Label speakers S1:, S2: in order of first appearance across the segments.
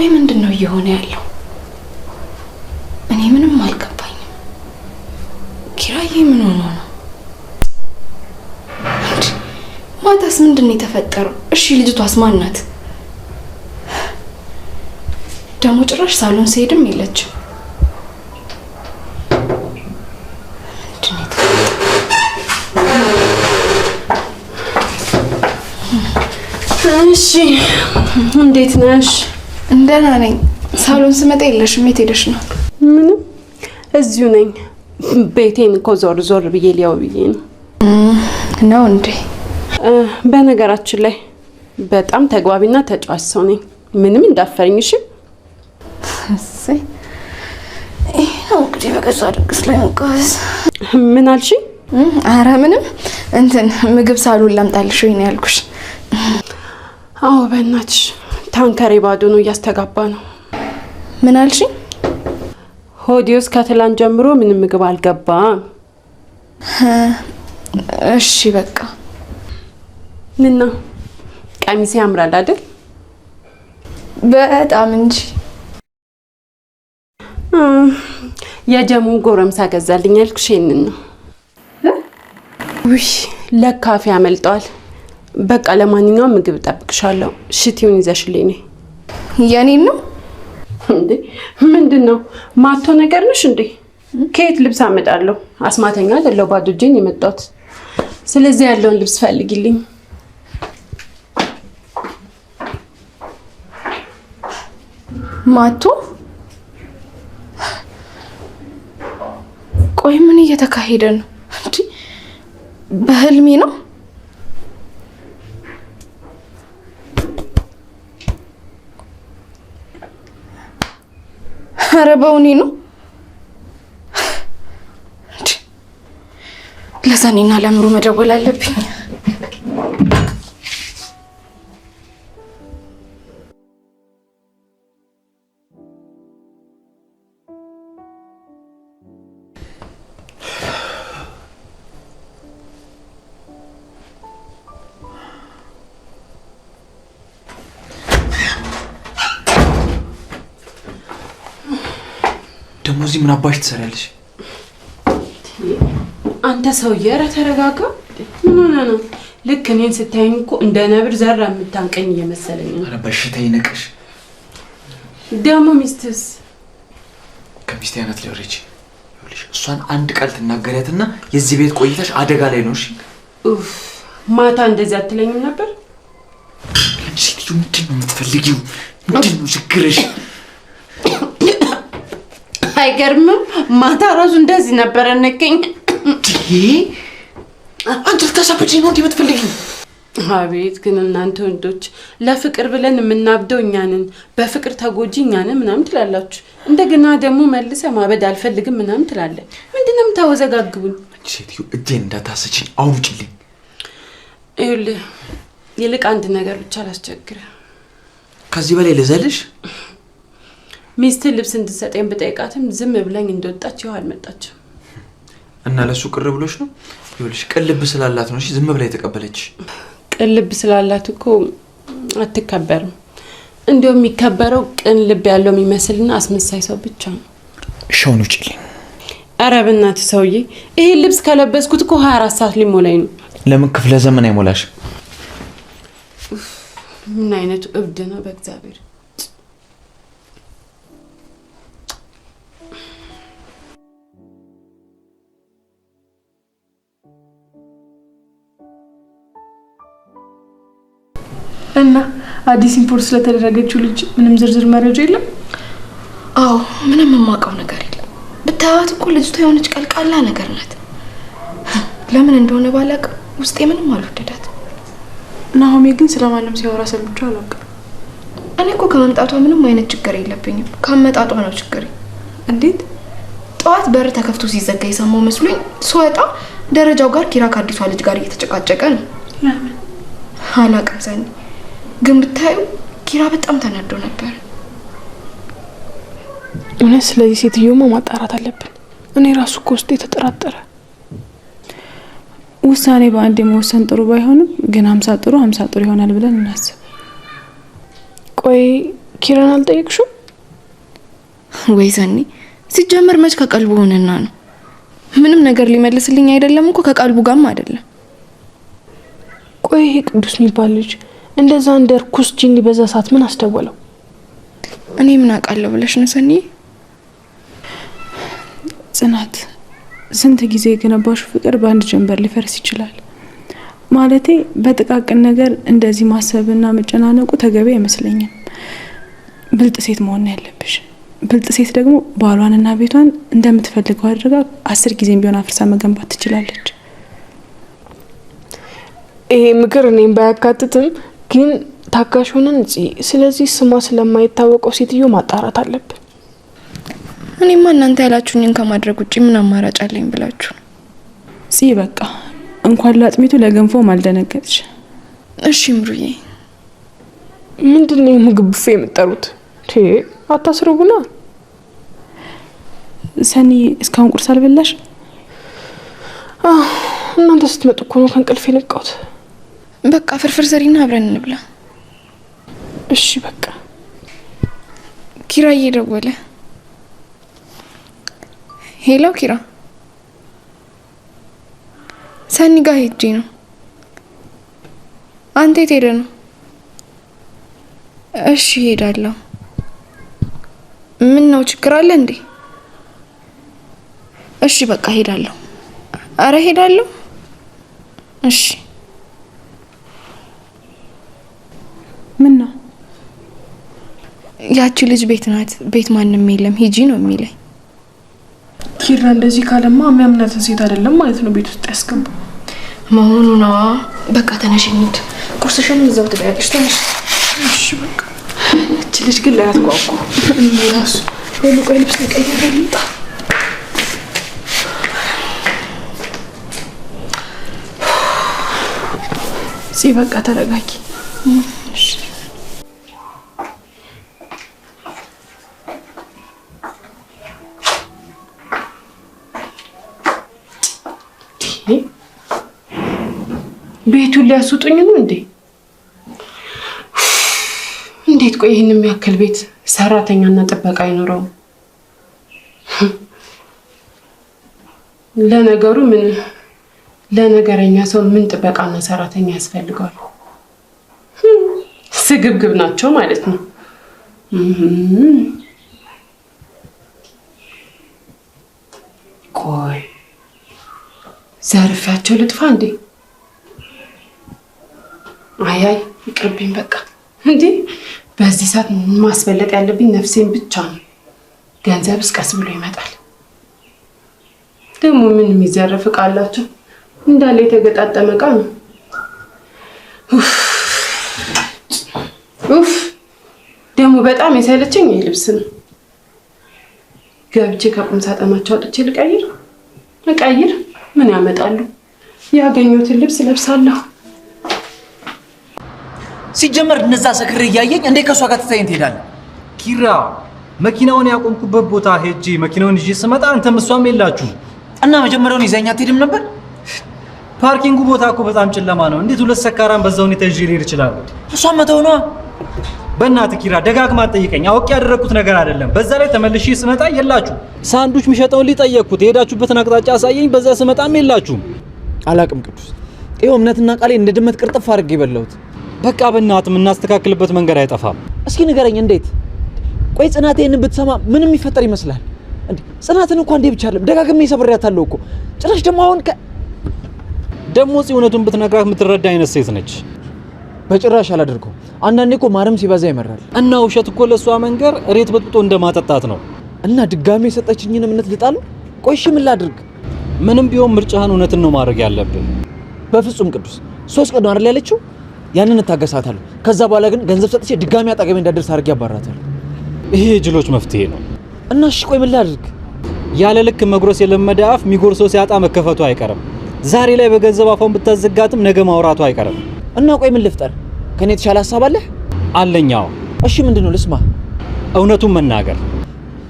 S1: ቆይ ምንድን ነው እየሆነ ያለው? እኔ ምንም አልገባኝም። ኪራዬ ምን ሆኖ ነው? ማታስ ምንድን ነው የተፈጠረው? እሺ ልጅቷስ ማን ናት? ደግሞ ጭራሽ ሳሎን ሲሄድም የለችም። እሺ እንዴት ነሽ?
S2: እንደና ነኝ። ሳሎን ስመጣ የለሽም። የት ሄደሽ ነው?
S1: ምንም እዚሁ ነኝ። ቤቴን እኮ ዞር ዞር ብዬ ሊያው ብዬ ነው ነው እንዴ? በነገራችን ላይ በጣም ተግባቢና ተጫዋች ሰው ነኝ። ምንም እንዳፈረኝሽ።
S2: እሰይ እንግዲህ በገዛ ድግስ ላይ መጓዝ። ምን አልሽ? አረ ምንም እንትን ምግብ ሳሉን ላምጣልሽ ወይ ነው ያልኩሽ።
S1: አዎ በእናትሽ ታንከሬ ባዶ ነው፣ እያስተጋባ ነው። ምን አልሽ ሆዴ ውስጥ ከትላንት ጀምሮ ምንም ምግብ አልገባም። እሺ በቃ ምና ቀሚሴ ያምራል አይደል?
S2: በጣም እንጂ
S1: የጀሙ ጎረምሳ ገዛልኝ ያልኩሽ ይሄንን ነው። ውይ ለካፌ ያመልጠዋል። በቃ ለማንኛውም ምግብ እጠብቅሻለሁ። ሽቲውን ይዘሽልኝ ነይ። የኔን ነው እንዴ? ምንድን ነው ማቶ ነገር ነሽ እንዴ? ከየት ልብስ አመጣለሁ? አስማተኛ አይደለሁ፣ ባዶ እጄን የመጣሁት። ስለዚህ ያለውን ልብስ ፈልጊልኝ። ማቶ
S2: ቆይ ምን እየተካሄደ ነው? በህልሜ ነው ኧረ በእውኔ ነው። ለሰኔና ለምሩ መደወል አለብኝ።
S3: ምን አባሽ ትሰሪያለሽ?
S1: አንተ ሰውዬ ኧረ ተረጋጋ። ምን ሆነ ነው? ልክ እኔን ስታይኝ እኮ እንደ ነብር ዘራ የምታንቀኝ እየመሰለኝ ነው።
S3: ኧረ በሽታ ይነቅሽ።
S1: ደግሞ ሚስትስ
S3: ከሚስቴ አይነት ሊወሬች እሷን አንድ ቃል ትናገሪያትና የዚህ ቤት ቆይታሽ አደጋ ላይ ነው። እሺ
S1: ኡፍ ማታ እንደዚህ አትለኝም ነበር?
S3: አንቺ ልጅ ምንድን ነው የምትፈልጊው? ምንድን ነው ችግርሽ?
S1: አይገርምም? ማታ ራሱ እንደዚህ ነበረ። እንገኝ
S3: አንቺ ልታሳብጪ ነው እንዲህ የምትፈልጊው?
S1: አቤት ግን እናንተ ወንዶች ለፍቅር ብለን የምናብደው እኛንን፣ በፍቅር ተጎጂ እኛንን ምናምን ትላላችሁ። እንደገና ደግሞ መልሰ ማበድ አልፈልግም ምናምን ትላለን። ምንድን ነው የምታወዘጋግቡኝ?
S3: ሴትዮ እጄን እንዳታስችኝ አውጭልኝ።
S1: ይኸውልህ ይልቅ አንድ ነገር ብቻ አላስቸግረ
S3: ከዚህ በላይ ልዘልሽ
S1: ሚስት ልብስ እንድሰጠኝ ብጠይቃትም ዝም ብለኝ እንደወጣች ይኸው አልመጣችም።
S3: እና ለሱ ቅር ብሎች ነው? ይኸውልሽ ቅልብ ስላላት ነው ዝም ብላ የተቀበለች።
S1: ቅልብ ስላላት እኮ አትከበርም። እንዲሁም የሚከበረው ቅን ልብ ያለው የሚመስልና አስመሳይ ሰው ብቻ ነው። ሸውን ውጭ ኧረ በእናትህ ሰውዬ፣ ይሄ ልብስ ከለበስኩት እኮ ሀያ አራት ሰዓት ሊሞላኝ ነው።
S3: ለምን ክፍለ ዘመን አይሞላሽ?
S1: ምን አይነቱ እብድ ነው በእግዚአብሔር አዲስ ኢምፖርት ስለተደረገችው ልጅ ምንም ዝርዝር መረጃ የለም?
S2: አዎ ምንም የማውቀው ነገር የለም። ብታያት እኮ ልጅቷ የሆነች ቀልቃላ ነገር ናት። ለምን እንደሆነ ባላቅ ውስጤ ምንም አልወደዳት።
S1: ናሆሜ ግን ስለማንም ሲያወራ ሰምቼ አላውቅም።
S2: እኔ እኮ ከመምጣቷ ምንም አይነት ችግር የለብኝም። ከመጣጧ ነው ችግር። እንዴት ጠዋት በር ተከፍቶ ሲዘጋ የሰማው መስሎኝ ስወጣ ደረጃው ጋር ኪራ ከአዲሷ ልጅ ጋር እየተጨቃጨቀ ነው። አላውቅም ሰኒ ግን ብታዩ ኪራ በጣም ተናዶ ነበር።
S1: እውነት። ስለዚህ ሴትዮማ ማጣራት አለብን። እኔ ራሱ እኮ ውስጥ የተጠራጠረ ውሳኔ በአንድ የመወሰን ጥሩ ባይሆንም ግን ሀምሳ ጥሩ ሀምሳ ጥሩ ይሆናል ብለን እናስብ። ቆይ ኪራን አልጠየቅሽው
S2: ወይ ሰኒ? ሲጀመር መች ከቀልቡ ሆነና ነው ምንም ነገር ሊመልስልኝ አይደለም እኮ ከቀልቡ ጋርም አይደለም።
S1: ቆይ ይሄ ቅዱስ የሚባል ልጅ እንደዛ እንደ ርኩስ ጂኒ በዛ ሰዓት ምን አስደወለው? እኔ ምን አውቃለሁ ብለሽ ነው ሰኒ? ጽናት፣ ስንት ጊዜ የገነባሹ ፍቅር በአንድ ጀንበር ሊፈርስ ይችላል። ማለቴ በጥቃቅን ነገር እንደዚህ ማሰብና መጨናነቁ ተገቢ አይመስለኝም። ብልጥ ሴት መሆን ያለብሽ። ብልጥ ሴት ደግሞ ባሏንና ቤቷን እንደምትፈልገው አድርጋ አስር ጊዜም ቢሆን አፍርሳ መገንባት ትችላለች። ይሄ ምክር እኔም ባያካትትም ግን ታጋሽ ሆነን እጽ ስለዚህ ስሟ ስለማይታወቀው ሴትዮ ማጣራት አለብን።
S2: እኔማ እናንተ ያላችሁኝን ከማድረግ ውጭ ምን አማራጭ አለኝ ብላችሁ
S1: ጽ በቃ እንኳን ለአጥሚቱ ለገንፎ አልደነገጥሽ። እሺ ምሩዬ፣ ምንድን ነው የምግብ ቡፌ የምጠሩት? አታስረቡና። ሰኒ እስካሁን ቁርስ አልበላሽ? እናንተ ስትመጡ እኮ ነው ከእንቅልፍ የነቃሁት።
S2: በቃ ፍርፍር ስሪና አብረን እንብላ። እሺ በቃ ኪራ እየደወለ ሄሎ፣ ኪራ ሰኒ ጋር ሄጄ ነው። አንተ የት ሄደ ነው? እሺ ሄዳለሁ። ምን ነው ችግር አለ እንዴ? እሺ በቃ ሄዳለሁ። አረ ሄዳለሁ። እሺ ምን ነው ያቺ ልጅ ቤት ናት፣ ቤት ማንም የለም ሂጂ ነው የሚለኝ።
S1: ኪራ እንደዚህ ካለማ የሚያምናትን ሴት አይደለም ማለት ነው ቤት ውስጥ ያስገባ
S2: መሆኑ ነዋ። በቃ ተነሽ እንሂድ፣ ቁርስሽን እዛው ትበያለሽ። ተነሽ። እሺ በቃ እቺ ልጅ ግን ላይ አትጓጓ። ራሱ ሁሉ ቆይ ልብስ ተቀየረ ልምጣ
S1: ሲ በቃ ተረጋጊ። ቤቱን ሊያስውጡኝ ነው እንዴ? እንዴት ቆይ ይህን የሚያክል ቤት ሰራተኛና ጥበቃ አይኖረውም? ለነገሩ ምን ለነገረኛ ሰው ምን ጥበቃና ሰራተኛ ያስፈልገዋል? ስግብግብ ናቸው ማለት ነው። ቆይ ዘርፊያቸው ልጥፋ እንዴ? አያይ ይቅርብኝ በቃ። እንዴ በዚህ ሰዓት ማስበለጥ ያለብኝ ነፍሴን ብቻ ነው። ገንዘብ እስቀስ ብሎ ይመጣል። ደግሞ ምን የሚዘረፍ እቃ አላቸው እንዳለ የተገጣጠመ እቃ ነው። ኡፍ ደግሞ በጣም የሰለቸኝ ይህ ልብስ ነው። ገብቼ ከቁም ሳጥናቸው አውጥቼ ልቀይር እቀይር ምን ያመጣሉ? ያገኙትን ልብስ ለብሳለሁ።
S4: ሲጀመር እነዛ ሰክር እያየኝ እንዴ ከእሷ ጋር ትታየን ትሄዳለ።
S5: ኪራ መኪናውን ያቆምኩበት ቦታ ሄጄ መኪናውን ይዤ ስመጣ አንተም እሷም የላችሁ
S4: እና መጀመሪያውን ይዘኛ ትሄድም ነበር።
S5: ፓርኪንጉ ቦታ እኮ በጣም ጨለማ ነው። እንዴት ሁለት ሰካራን በዛ ሁኔታ ይዤ ልሄድ እችላለሁ? እሷ መተው ነዋ። በእናት ኪራ ደጋግማ ጠይቀኝ። አውቄ ያደረግኩት ነገር አይደለም። በዛ ላይ ተመልሼ ስመጣ የላችሁ።
S4: ሳንዱች የሚሸጠውን ሊጠየቅኩት የሄዳችሁበትን አቅጣጫ አሳየኝ። በዛ ስመጣም የላችሁም። አላቅም ቅዱስ ይኸው እምነትና ቃሌ እንደ ድመት ቅርጥፍ አድርጌ በላሁት።
S5: በቃ በእናት የምናስተካክልበት መንገድ አይጠፋም።
S4: እስኪ ንገረኝ እንዴት? ቆይ ጽናት ይህንን ብትሰማ ምን የሚፈጠር ይመስላል? እንዴ ጽናትን እንኳ እንዴ ብቻ አለም ደጋግሜ ሰብሬያታለሁ እኮ ጭራሽ ደግሞ አሁን
S5: ደግሞ ጽ እውነቱን ብትነግራት የምትረዳ አይነት ሴት ነች።
S4: በጭራሽ አላደርገው። አንዳንዴ እኮ ማረም ሲበዛ ይመራል።
S5: እና ውሸት እኮ ለእሷ መንገር ሬት በጥብጦ እንደማጠጣት ነው።
S4: እና ድጋሜ የሰጠችኝን እምነት ልጣል? ቆይሽ ምን ላድርግ?
S5: ምንም ቢሆን ምርጫህን እውነትን ነው ማድረግ ያለብን።
S4: በፍጹም ቅዱስ ሶስት ቀን አይደል ያለችው ያንን እታገሳታለሁ። ከዛ በኋላ ግን ገንዘብ ሰጥቼ ድጋሚ አጠገቤ እንዳደርስ አድርጌ ያባራታለሁ።
S5: ይሄ ጅሎች መፍትሄ ነው
S4: እና እሺ፣ ቆይ ምን ላድርግ?
S5: ያለ ልክ መጉረስ የለመደ አፍ ሚጎርሰው ሲያጣ መከፈቱ አይቀርም። ዛሬ ላይ በገንዘብ አፏን ብታዘጋትም ነገ ማውራቱ አይቀርም።
S4: እና ቆይ ምን ልፍጠር? ከኔ የተሻለ ሀሳብ አለህ? አለኛው። እሺ ምንድን ነው? ልስማ።
S5: እውነቱን መናገር።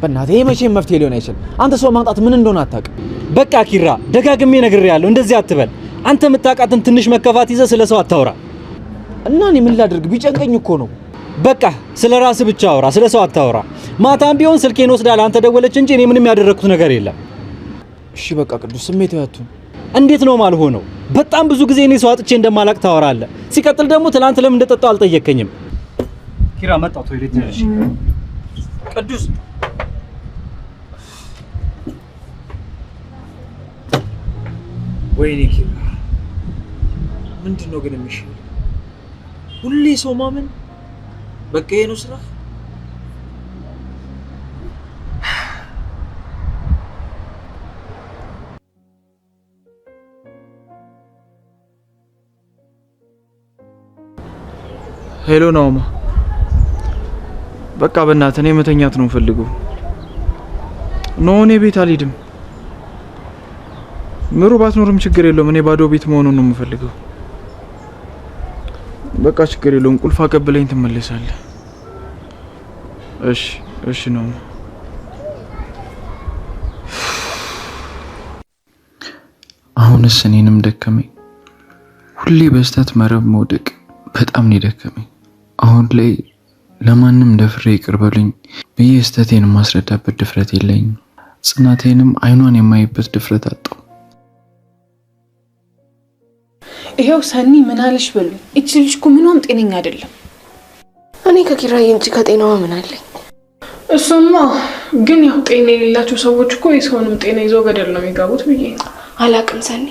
S4: በእናትህ ይሄ መቼም መፍትሄ ሊሆን አይችልም። አንተ ሰው ማምጣት ምን እንደሆነ አታውቅም።
S5: በቃ ኪራ፣ ደጋግሜ ነግሬያለሁ፣ እንደዚህ አትበል። አንተ የምታውቃትን ትንሽ መከፋት ይዘህ ስለ ሰው አታውራ።
S4: እና እኔ ምን ላድርግ? ቢጨንቀኝ እኮ ነው።
S5: በቃ ስለ ራስ ብቻ አውራ፣ ስለ ሰው አታውራ። ማታም ቢሆን ስልኬን ወስዳ አንተ ደወለች እንጂ እኔ ምንም ያደረግኩት ነገር የለም።
S4: እሺ በቃ ቅዱስ ስሜት ያቱን
S5: እንዴት ነው ማልሆነው? በጣም ብዙ ጊዜ እኔ ሰው አጥቼ እንደማላቅ ታወራለህ። ሲቀጥል ደግሞ ትናንት ለምን እንደጠጣው አልጠየቀኝም።
S4: ኪራ መጣ ቶይሌት ነሽ ቅዱስ ወይኔ ኪራ ምንድን ነው ግን የሚሽ ሁሌ ሰው ማመን በቃ ይሄ ነው ስራ።
S3: ሄሎ ናውማ፣ በቃ በእናትህ እኔ መተኛት ነው የምፈልገው። ኖ እኔ ቤት አልሄድም። ምሩ ባትኖርም ችግር የለውም። እኔ ባዶ ቤት መሆኑን ነው የምፈልገው። በቃ ችግር የለውም። ቁልፍ አቀብለኝ ትመለሳለህ። እሺ፣ እሺ ነው። አሁንስ እኔንም ደከመኝ። ሁሌ በስተት መረብ መውደቅ በጣም ነው ደከመኝ። አሁን ላይ ለማንም ደፍሬ ይቅር በሉኝ ብዬ ስተቴን ማስረዳበት ድፍረት የለኝም። ጽናቴንም አይኗን የማይበት ድፍረት አጣሁ።
S1: ይኸው ሰኒ ምን አለሽ በሉኝ። እቺ ልጅ እኮ ምኗም ጤነኛ አይደለም።
S2: እኔ ከኪራይ እንጂ ከጤናዋ ምን አለኝ?
S1: እሱማ ግን ያው ጤና የሌላቸው ሰዎች እኮ የሰውንም ጤና ይዘው ገደል ነው የሚገቡት ብዬ
S2: አላቅም። ሰኒ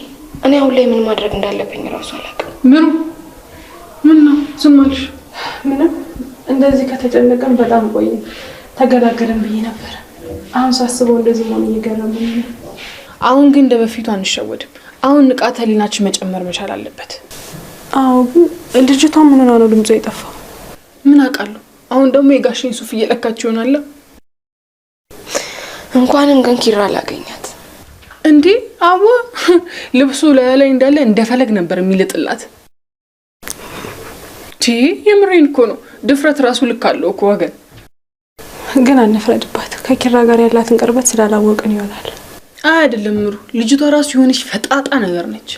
S2: እኔ አሁን ላይ ምን ማድረግ እንዳለብኝ ራሱ አላቅም።
S1: ምኑ ምን ነው ዝም አልሽ? ምንም እንደዚህ ከተጨነቀን በጣም ቆይ ተገላገለን ብዬ ነበር። አሁን ሳስበው እንደዚህ መሆን እየገረመኝ ነው። አሁን ግን እንደ በፊቱ አንሸወድም። አሁን ንቃተ ህሊናችን መጨመር መቻል አለበት። አዎ፣ ግን ልጅቷ ምን ሆና ነው ድምጿ የጠፋው? ምን አውቃለሁ። አሁን ደግሞ የጋሽኝ ሱፍ እየለካች ይሆናል።
S2: እንኳንም ግን ኪራ አላገኛት
S1: እንዴ? አዎ፣ ልብሱ ላይ ላይ እንዳለ እንደፈለግ ነበር የሚልጥላት። ቲ የምሬን እኮ ነው። ድፍረት ራሱ ልክ አለው እኮ ወገን።
S2: ግን አንፍረድባት። ከኪራ ጋር ያላትን ቅርበት ስላላወቅን ይሆናል
S1: አይደለም ምሩ፣ ልጅቷ ራሱ የሆነች ፈጣጣ ነገር ነች።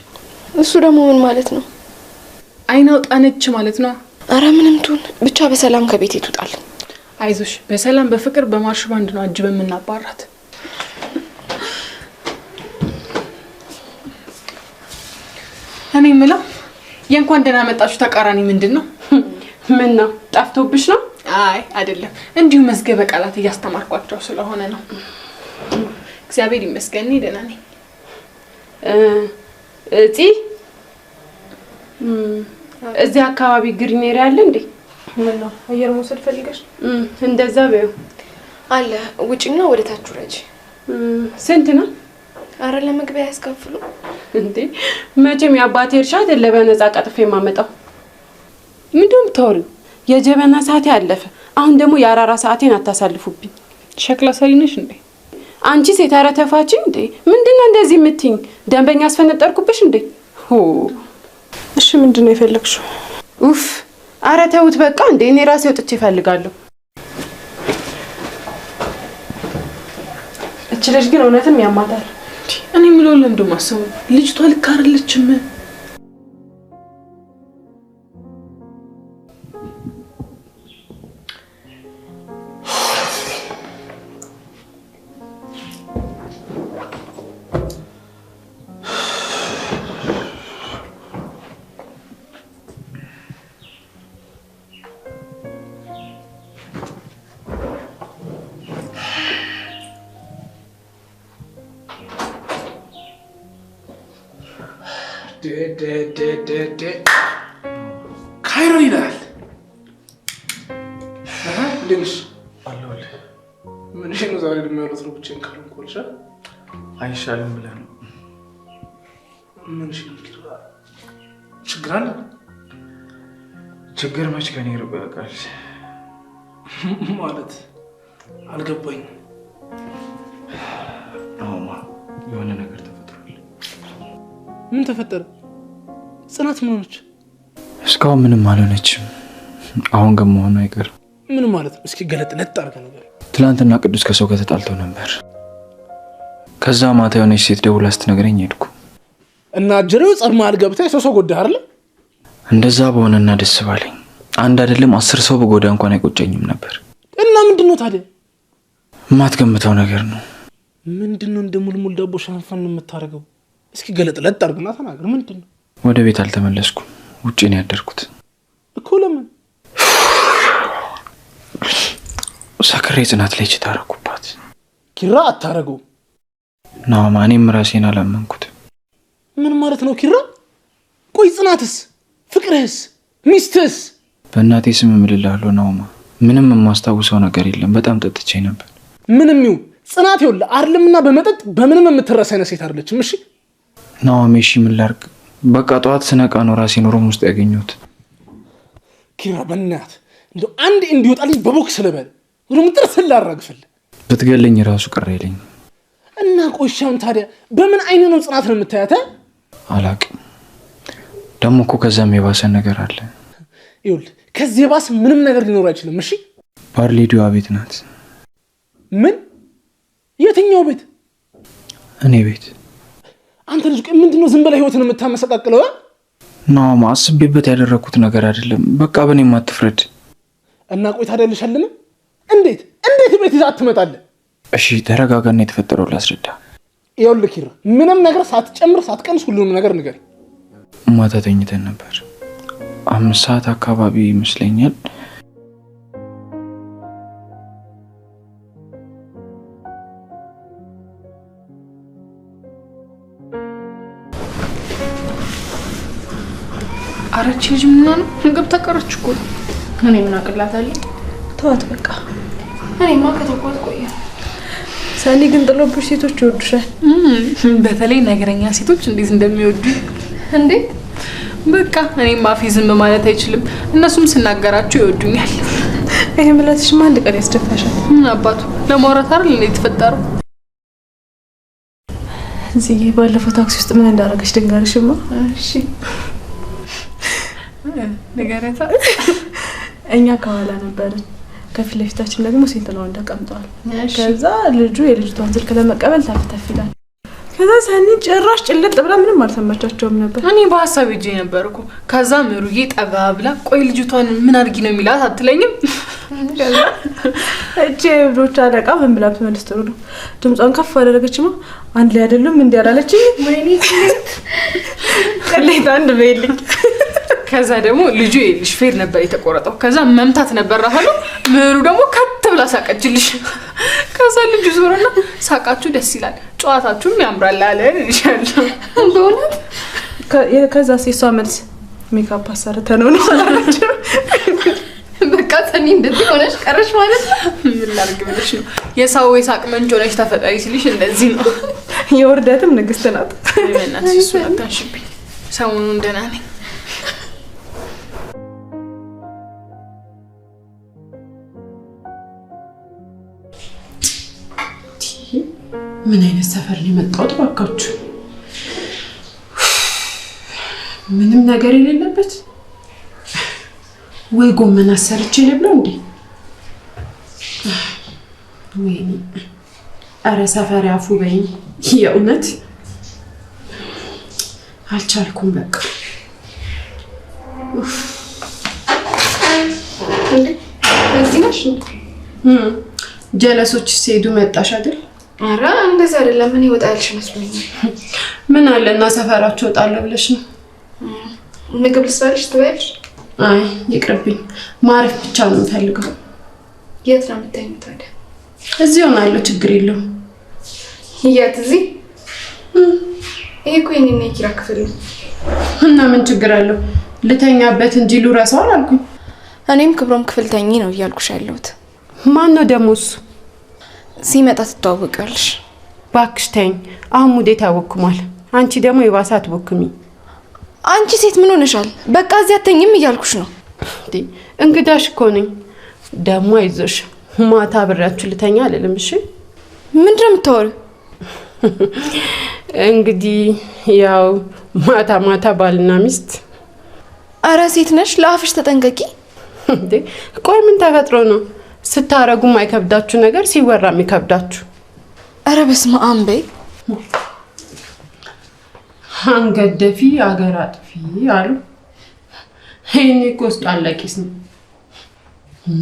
S2: እሱ ደግሞ ምን ማለት ነው?
S1: አይን አውጣ ነች ማለት ነው።
S2: አረ ምንም ትሁን ብቻ በሰላም ከቤት ይውጣል።
S1: አይዞሽ፣ በሰላም በፍቅር በማርሽ ባንድ ነው አጅበ የምናባራት። እኔ ምለው የእንኳን ደህና መጣችሁ ተቃራኒ ምንድን ነው? ምን ነው ጠፍቶብሽ ነው?
S2: አይ አይደለም፣
S1: እንዲሁ መዝገበ ቃላት እያስተማርኳቸው ስለሆነ ነው። እግዚአብሔር ይመስገን እኔ ደህና ነኝ። እዚህ አካባቢ ግሪኔሪ አለ እንዴ?
S2: ምን ነው አየር መውሰድ ፈልገሽ?
S1: እንደዛ በዩ
S2: አለ ውጭና ወደ ታች ውረጅ። ስንት ነው? አረ ለመግቢያ ያስከፍሉ
S1: እንዴ? መቼም የአባቴ እርሻ አይደለ በነፃ ቀጥፌ የማመጣው። ምንድም ተወሪ የጀበና ሰዓቴ አለፈ። አሁን ደግሞ የአራራ ሰዓቴን አታሳልፉብኝ።
S2: ሸክላ ሰሪ ነሽ እንዴ?
S1: አንቺ ሴት ኧረ ተፋች እንዴ! ምንድነው እንደዚህ የምትይኝ? ደንበኛ አስፈነጠርኩብሽ እንዴ?
S2: ሆ እሺ፣ ምንድነው የፈለግሽው?
S1: ኡፍ ኧረ ተውት በቃ እንዴ! እኔ ራሴ ወጥቼ እፈልጋለሁ። እች ልጅ ግን እውነትም ያማታል።
S2: እኔ የምለው ለምዶ ማሰቡ ልጅቷ ልክ አይደለችም።
S3: ካይሮን ይላል። እንዴት ነሽ? አለሁልህ። ነው ዛሬ የሚያወሩት ነው? ብቻዬን ካልሆንኩ አይሻልም ብለህ ነው? ምን ችግር አለ? ችግር መች ከኔ ርቆ ያውቃል ማለት አልገባኝም።
S1: ምን ተፈጠረ? ጽናት ምን ሆነች?
S3: እስካሁን ምንም አልሆነችም። አሁን ግን መሆኑ አይቀርም።
S1: ምን ማለት ነው? እስኪ ገለጥ ለጥ አድርገህ ነገር
S3: ትናንትና ቅዱስ ከሰው ጋር ተጣልተው ነበር። ከዛ ማታ የሆነች ሴት ደውላ ስትነግረኝ ሄድኩ
S1: እና አጀሬው ጸብ መሃል ገብታ የሰው ሰው ጎዳህ አይደለ?
S3: እንደዛ በሆነና ደስ ባለኝ አንድ አይደለም አስር ሰው በጎዳ እንኳን አይቆጨኝም ነበር።
S1: እና ምንድን ነው ታዲያ?
S3: የማትገምተው ነገር ነው።
S1: ምንድን ነው እንደ ሙልሙል ዳቦ ሸንፈን የምታደርገው? እስኪ ገለጥለጥ አድርግና ተናገር። ምንድን ነው?
S3: ወደ ቤት አልተመለስኩም፣ ውጭ ነው ያደርኩት እኮ። ለምን? ሰክሬ ጽናት ላይ ታረኩባት።
S1: ኪራ አታረገው
S3: ናማ። እኔም ራሴን አላመንኩት።
S1: ምን ማለት ነው ኪራ? ቆይ ጽናትስ፣ ፍቅርህስ፣ ሚስትስ?
S3: በእናቴ ስም እምልልሃለሁ ናማ፣ ምንም የማስታውሰው ነገር የለም። በጣም ጠጥቼ ነበር።
S1: ምንም ይሁን ጽናት ይኸውልህ፣ አይደለምና በመጠጥ በምንም የምትረሳ አይነት ሴት አይደለችም። እሺ
S3: ናኦሚ እሺ ምን ላድርግ? በቃ ጠዋት ስነቃ ነው ራሴን ሮም ውስጥ ያገኘሁት።
S1: ኪራ በናት እንደ አንድ እንዲወጣልኝ በቦክስ ልበል ወደ ጥርስ ላራግፍል።
S3: ብትገለኝ ራሱ ቅር የለኝም
S1: እና ቆሻም ታዲያ በምን አይነ ነው ጽናት ነው የምታያተ?
S3: አላቅም። ደግሞ እኮ ከዛም የባሰ ነገር አለ።
S1: ይውል ከዚህ የባሰ ምንም ነገር ሊኖር አይችልም። እሺ
S3: ባርሌዲዋ ቤት ናት።
S1: ምን? የትኛው ቤት? እኔ ቤት አንተ ልጅ ቆይ ምንድነው ዝም ብለህ ህይወትን የምታመሰቃቅለው?
S3: ናማ አስቤበት ያደረኩት ነገር አይደለም። በቃ በኔ ማትፍረድ
S1: እና ቆይ ታደልሻለን። እንዴት እንዴት ቤት ይዛ አትመጣለህ?
S3: እሺ ተረጋጋና የተፈጠረው ላስረዳ።
S1: ይኸውልህ ኪራ፣ ምንም ነገር ሳትጨምር ሳትቀንስ ሁሉንም ነገር ንገሪ።
S3: ማታ ተኝተን ነበር አምስት ሰዓት አካባቢ ይመስለኛል።
S2: አረች ልጅ ነው ገብታ ተቀረች እኮ። እኔ ምን አቅላታለሁ? ተዋት በቃ። እኔማ ከተቆጥ ቆየ።
S1: ሰኒ ግን ጥሎብሽ ሴቶች ይወዱሻል።
S2: በተለይ ነገረኛ ሴቶች እንዴት እንደሚወዱ
S1: እንዴት! በቃ እኔም አፌ ዝም ማለት አይችልም። እነሱም ስናገራቸው ይወዱኛል።
S2: ይሄ ምላስሽማ አንድ ቀን ያስደፋሻል።
S1: ምን አባቱ ለማውራት አይደል እንዴ የተፈጠረው?
S2: እዚህ ባለፈው ታክሲ ውስጥ ምን እንዳደረገች ድንጋርሽማ።
S1: እሺ ንገረታ።
S2: እኛ ከኋላ ነበርን፣ ከፊት ለፊታችን ደግሞ ሴት ነው ተቀምጠዋል። ከዛ ልጁ የልጅቷን ስልክ ለመቀበል ታፍታፍ ይላል።
S1: ከዛ ሰኒ ጭራሽ ጭልጥ ብላ ምንም አልሰማቻቸውም ነበር። እኔ በሀሳብ እጄ ነበርኩ። ከዛ ምሩዬ ጠጋ ብላ ቆይ ልጅቷን ምን አድርጊ ነው የሚላት አትለኝም።
S2: እቺ ብዶች አለቃ ምን ብላ ብትመልስ ጥሩ ነው። ድምጿን ከፍ አደረገችማ። አንድ ላይ አይደሉም እንዲህ አላለች። ወይኔ ቅሌት አንድ በይልኝ
S1: ከዛ ደግሞ ልጁ ልሽ ፌር ነበር የተቆረጠው። ከዛ መምታት ነበር ራህሉ ምህሩ ደግሞ ከት ብላ ሳቀችልሽ። ከዛ ልጁ ዞረና ሳቃችሁ ደስ ይላል፣ ጨዋታችሁም ያምራል አለ እልሻለሁ። በእውነት ከዛ ሴሷ መልስ ሜካፕ አሰርተ ነው ነው አላቸው።
S2: በቃ ጠኒ እንደዚህ ሆነሽ ቀረሽ ማለት ነው።
S1: ምን ላርግ ብለሽ ነው
S2: የሰው የሳቅ ምንጭ ሆነሽ ተፈጣሪ ሲልሽ እንደዚህ ነው።
S1: የውርደትም ንግስት ናት።
S2: ናት ሴሱ ሰሞኑን ደህና ነኝ
S1: ምን አይነት ሰፈር ነው የመጣሁት? እባካችሁ ምንም ነገር የሌለበት ወይ ጎመን አሰርቼ ልብለው እንዴ? ወይኔ! ኧረ ሰፈር አፉ በይኝ። የእውነት አልቻልኩም። በቃ ጀለሶች ሲሄዱ መጣሽ አይደል?
S2: አረ እንደዚህ አይደለም። ምን ይወጣ ያልሽ መስሎኝ።
S1: ምን አለ እና ሰፈራችሁ እወጣለሁ ብለሽ ነው?
S2: ምግብ ልስራልሽ ትበያለሽ?
S1: አይ ይቅርብኝ፣ ማረፍ ብቻ ነው የምፈልገው።
S2: የት ነው የምታይኝ ታዲያ?
S1: እዚህ ሆናለሁ፣ ችግር የለውም።
S2: የት? እዚህ? ይሄ እኮ የእኔና የኪራ ክፍል ነው።
S1: እና ምን ችግር አለው? ልተኛበት እንጂ ልረሳው አላልኩኝ።
S2: እኔም ክብሮም ክፍል ነው እያልኩሽ ያለሁት።
S1: ማን ነው ደግሞ እሱ?
S2: ሲመጣ ትተዋወቃለሽ።
S1: እባክሽ ተይኝ። አሁን ሙዴ ታወክሟል። አንቺ ደግሞ የባሰ አትቦክሚ።
S2: አንቺ ሴት ምን ሆነሻል? በቃ እዚያ አትተኝም እያልኩሽ ነው።
S1: እንግዳሽ እኮ ነኝ። ደግሞ አይዞሽ፣ ማታ አብሬያችሁ ልተኛ አልልም። እሺ
S2: ምንድን ነው የምታወሪው?
S1: እንግዲህ ያው ማታ ማታ ባልና ሚስት።
S2: አረ ሴት ነሽ፣ ለአፍሽ ተጠንቀቂ።
S1: ቆይ ምን ተፈጥሮ ነው ስታረጉ የማይከብዳችሁ ነገር ሲወራ የሚከብዳችሁ።
S2: ኧረ በስመ አብ በይ።
S1: አንገት ደፊ አገር አጥፊ አሉ። ይህኔ እኮ አለቂስ ነው።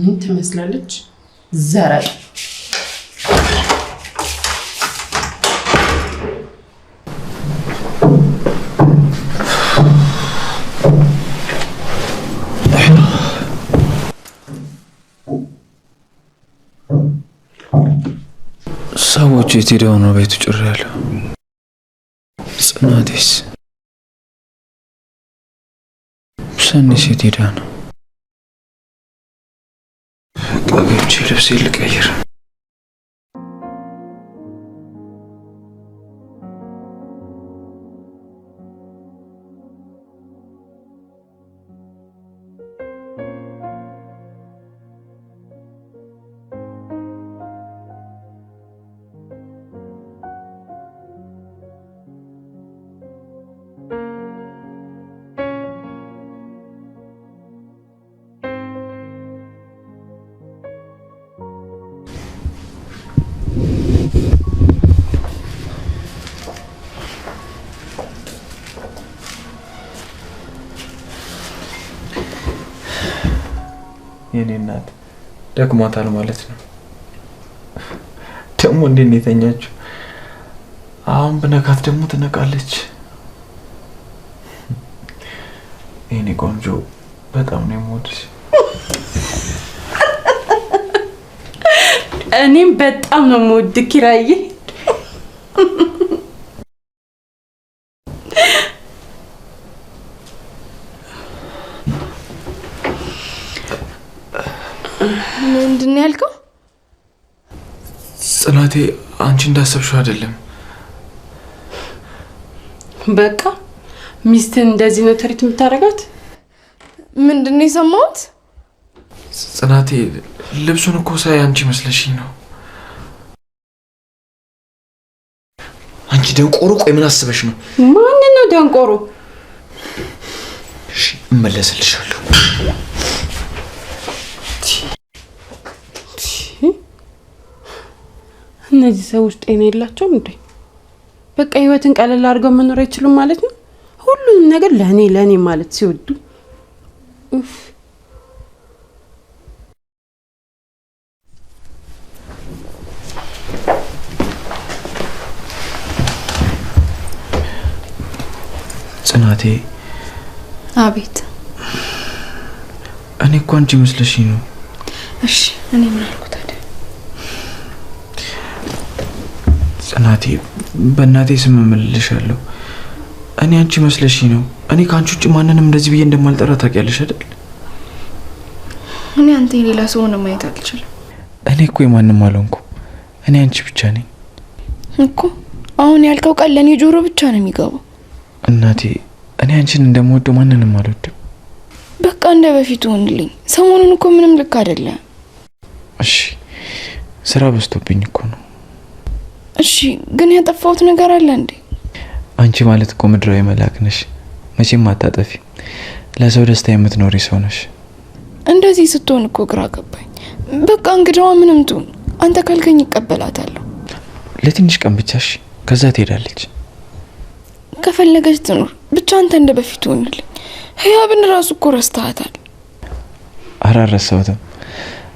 S1: ምን ትመስላለች ዘረጥ
S3: ሰዎች የት ሄደው ነው ቤቱ ጭር ያለው? ጽናቴስ ሰኒስ የት ሄዳ ነው? ቆይ ልብስ ልቀይር። የኔ እናት ደክሟታል ማለት ነው። ደግሞ እንዴት ነው የተኛችው? አሁን ብነካት ደግሞ ትነቃለች። የኔ ቆንጆ በጣም ነው የምወድሽ።
S1: እኔም በጣም ነው የምወድ ኪራዬ።
S3: እናቴ አንቺ እንዳሰብሽው አይደለም።
S1: በቃ ሚስትን እንደዚህ ነው ትሪት የምታደርጋት?
S2: ምንድን ነው የሰማሁት?
S3: ጽናቴ ልብሱን እኮ ሳይ አንቺ መስለሽኝ ነው። አንቺ ደንቆሮ፣ ቆይ ምን አስበሽ ነው?
S1: ማንን ነው ደንቆሮ?
S3: እሺ እመለስልሻለሁ።
S1: እነዚህ ሰዎች ጤና የላቸውም እንዴ? በቃ ህይወትን ቀለል አድርገው መኖር አይችሉም ማለት ነው። ሁሉንም ነገር ለእኔ ለእኔ ማለት ሲወዱ
S3: ጽናቴ። አቤት። እኔ እኮ አንቺ መስለሽኝ ነው።
S2: እሺ እኔ ምን አልኩት?
S3: እናቴ በእናቴ ስም እምልሻለሁ። እኔ አንቺ መስለሽ ነው። እኔ ከአንቺ ውጭ ማንንም እንደዚህ ብዬ እንደማልጠራ ታውቂያለሽ አይደል?
S2: እኔ አንተ የሌላ ሰው ማየት አልችልም።
S3: እኔ እኮ የማንም አልሆንኩ። እኔ አንቺ ብቻ ነኝ
S2: እኮ። አሁን ያልከው ቃል ለእኔ ጆሮ ብቻ ነው የሚገባው።
S3: እናቴ እኔ አንቺን እንደምወደው ማንንም አልወድም።
S2: በቃ እንደ በፊቱ ሆንልኝ። ሰሞኑን እኮ ምንም ልክ አይደለም።
S3: እሺ ስራ በዝቶብኝ እኮ ነው
S2: እሺ፣ ግን ያጠፋሁት ነገር አለ እንዴ?
S3: አንቺ ማለት እኮ ምድራዊ መልአክ ነሽ። መቼም አታጠፊ። ለሰው ደስታ የምትኖሪ ሰው ነሽ።
S2: እንደዚህ ስትሆን እኮ ግራ ገባኝ። በቃ እንግዳዋ ምንም ትሁን አንተ ካልከኝ ይቀበላታለሁ።
S3: ለትንሽ ቀን ብቻሽ፣ ከዛ ትሄዳለች።
S2: ከፈለገች ትኖር ብቻ አንተ እንደ በፊት ሆንልኝ። ህያብን ራሱ እኮ ረስተሃታል።
S3: አራረሰውትም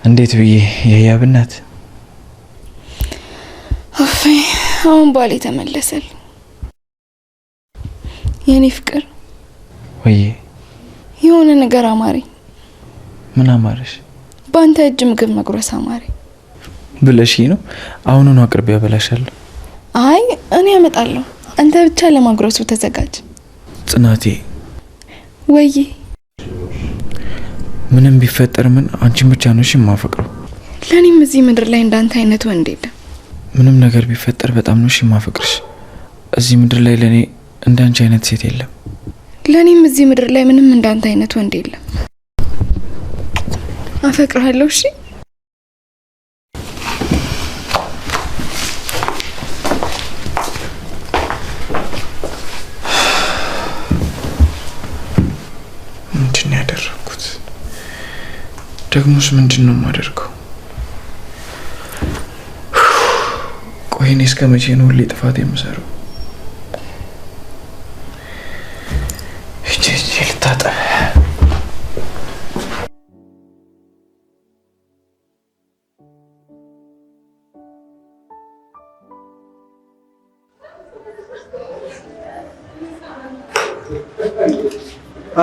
S3: እንዴት ብዬ የህያብናት።
S2: አሁን ባሌ ተመለሰል። የኔ ፍቅር ወይ የሆነ ነገር አማሪ። ምን አማረሽ? በአንተ እጅ ምግብ መጉረስ አማሪ
S3: ብለሽ ነው? አሁኑኑ አቅርቢ፣ ያበላሻለሁ።
S2: አይ እኔ አመጣለሁ። አንተ ብቻ ለማጉረሱ ተዘጋጅ። ጽናቴ ወይ
S3: ምንም ቢፈጠር ምን አንቺን ብቻ ነው የማፈቅረው።
S2: ለእኔም እዚህ ምድር ላይ እንዳንተ አይነት ወንድ የለም።
S3: ምንም ነገር ቢፈጠር በጣም ነው የማፈቅርሽ። እዚህ ምድር ላይ ለእኔ እንዳንቺ አይነት ሴት የለም።
S2: ለእኔም እዚህ ምድር ላይ ምንም እንዳንተ አይነት ወንድ የለም። አፈቅርሃለሁ። እሺ
S3: ምንድን ያደረግኩት ደግሞስ? ምንድን ነው የማደርገው? ወይኔ እስከ መቼ ነው ሁሌ ጥፋት የምሰራው? ልታጠብ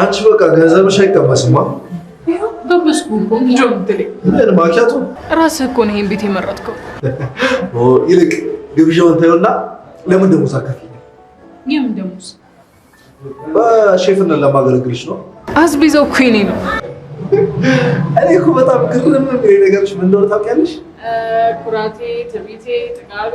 S6: አንቺ በቃ ገንዘብሽ አይቀመስማ ማኪያቱ
S7: ራስህ እኮ ነው ቤት የመረጥከው።
S6: ይልቅ ግብዣውን ለምን ደሞዝ የምን ደሞዝ? በሼፍነት ለማገለግልሽ ነው።
S7: አስቤዛው እኮ የእኔ ነው።
S6: እኔ እኮ በጣም ግርም የሚለኝ ነገሮች ምን እንደሆነ ታውቂያለሽ?
S7: ኩራቴ፣ ትዕቢቴ፣ ጥጋቤ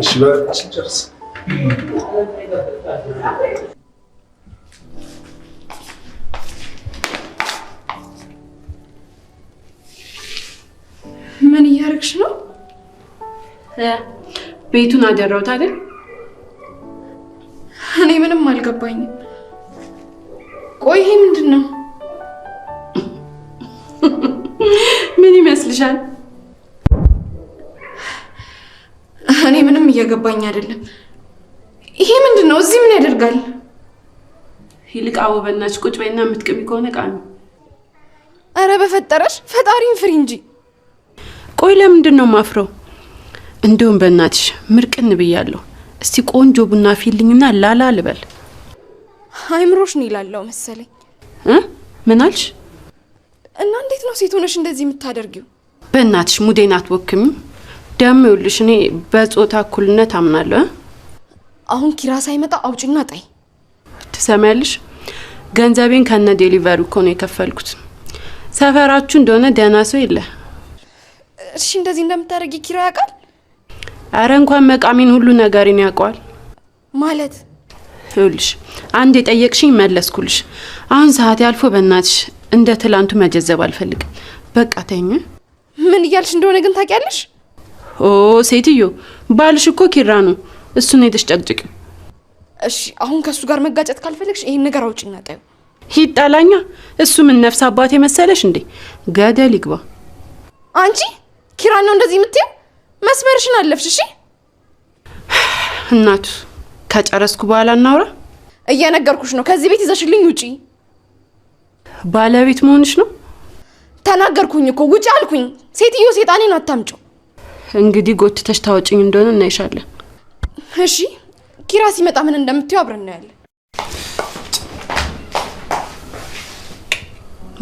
S6: እሺ በላችን ጨርስ።
S1: ምን እያደረግሽ ነው? ቤቱን አደረውት አይደል?
S2: እኔ ምንም አልገባኝም። ቆይ ይሄ ምንድን ነው? ምን ይመስልሻል? እየገባኝ አይደለም። ይሄ ምንድን ነው? እዚህ ምን ያደርጋል?
S1: ይልቅ አወበናች ቁጭ በይና የምትቅሚ ከሆነ ቃ ነው።
S2: አረ በፈጠረሽ ፈጣሪን ፍሪ እንጂ።
S1: ቆይ ለምንድን ነው ማፍረው? እንዲሁም በእናትሽ ምርቅን ብያለሁ። እስቲ ቆንጆ ቡና ፊልኝና ላላ ልበል።
S2: አይምሮሽ ነው ይላለው መሰለኝ። ምን አልሽ? እና እንዴት ነው ሴት ሆነሽ እንደዚህ የምታደርጊው?
S1: በእናትሽ ሙዴን አትወክሚም። ደም ይውልሽ። እኔ በጾታ እኩልነት አምናለሁ።
S2: አሁን ኪራ ሳይመጣ አውጭና ጣይ።
S1: ትሰሚያለሽ? ገንዘቤን ከነ ዴሊቨሪ እኮ ነው የከፈልኩት። ሰፈራችሁ እንደሆነ ደህና ሰው የለ።
S2: እሺ፣ እንደዚህ እንደምታደርጊ ኪራ ያውቃል?
S1: አረ እንኳን መቃሚን ሁሉ ነገሬን ያውቀዋል። ማለት ይውልሽ፣ አንድ የጠየቅሽኝ መለስኩልሽ። አሁን ሰዓት ያልፎ በእናትሽ እንደ ትላንቱ መጀዘብ አልፈልግም። በቃ ተኝ።
S2: ምን እያልሽ እንደሆነ ግን ታውቂያለሽ?
S1: ኦ ሴትዮ፣ ባልሽ እኮ ኪራ ነው። እሱን ሄደሽ ጨቅጭቂው።
S2: እሺ፣ አሁን ከእሱ ጋር መጋጨት ካልፈለግሽ ይህን ነገር አውጭ እና
S1: ሂጣላኛ እሱ ምን ነፍስ አባት የመሰለሽ እንዴ? ገደል ይግባ።
S2: አንቺ ኪራ ነው እንደዚህ የምትይው? መስመርሽን አለፍሽ። እሺ
S1: እናቱ፣ ከጨረስኩ በኋላ እናውራ።
S2: እየነገርኩሽ ነው፣ ከዚህ ቤት ይዘሽልኝ ውጪ።
S1: ባለቤት መሆንሽ ነው።
S2: ተናገርኩኝ እኮ ውጪ አልኩኝ። ሴትዮ ሴጣኔን አታምጪው።
S1: እንግዲህ ጎትተሽ ታወጭኝ እንደሆነ እናይሻለን።
S2: እሺ፣ ኪራ ሲመጣ ምን እንደምትዩ አብረን እናያለን።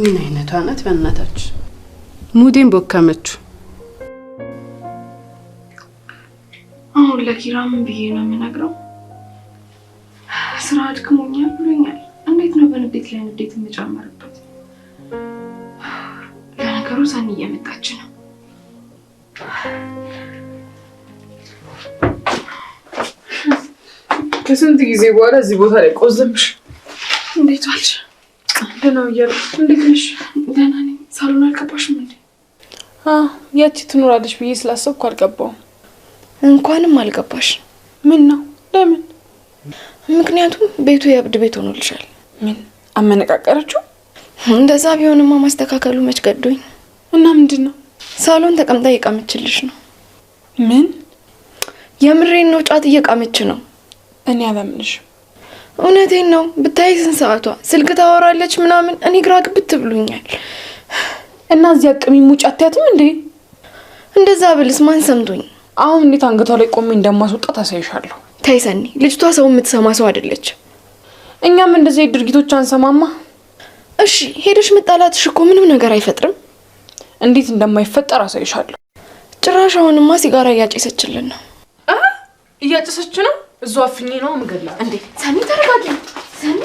S1: ምን አይነቷ ናት? በእናታች ሙዴን ቦካመችው።
S2: አሁን ለኪራ ምን ብዬ ነው የምነግረው? ስራ አድክሞኛል ብሎኛል። እንዴት ነው በንዴት ላይ ንዴት የምጨምርበት? ለነገሩ ሰኒ እየመጣች ነው
S1: ከስንት ጊዜ በኋላ እዚህ ቦታ ላይ ቆዘምሽ። እንዴት ዋልሽ? ደህና እያለሁ።
S2: እንዴት ነሽ? ደህና ነኝ። ሳሎን አልገባሽም እንዴ?
S1: ያቺ ትኖራለች ብዬ ስላሰብኩ አልገባውም።
S2: እንኳንም አልገባሽ።
S1: ምን ነው? ለምን?
S2: ምክንያቱም ቤቱ የእብድ ቤት ሆኖልሻል።
S1: ምን አመነቃቀረችው?
S2: እንደዛ ቢሆንማ ማስተካከሉ መች ገዶኝ እና ምንድን ነው ሳሎን ተቀምጣ እየቃመችልሽ ነው። ምን? የምሬን ነው። ጫት እየቃመች ነው። እኔ አላምንሽ። እውነቴን ነው። ብታይ ስንት ሰዓቷ ስልክ ታወራለች ምናምን። እኔ ግራ ግብት ብሎኛል።
S1: እና እዚያ ቅሚ ሙጫ አትያትም እንዴ?
S2: እንደዛ ብልስ ማን ሰምቶኝ።
S1: አሁን እንዴት አንገቷ ላይ ቆሜ እንደማስወጣ ታሳይሻለሁ
S2: ታይሰኒ ልጅቷ ሰው የምትሰማ ሰው አይደለች።
S1: እኛም እንደዚህ ድርጊቶች አንሰማማ።
S2: እሺ ሄደሽ መጣላትሽ እኮ ምንም ነገር አይፈጥርም።
S1: እንዴት እንደማይፈጠር አሳይሻለሁ።
S2: ጭራሽ አሁንማ ሲጋራ እያጨሰችልን ነው።
S1: እያጨሰች ነው። እዙ አፍኜ ነው ምገላ እንዴ ሰኒ፣ ተረጋጊ ሰኒ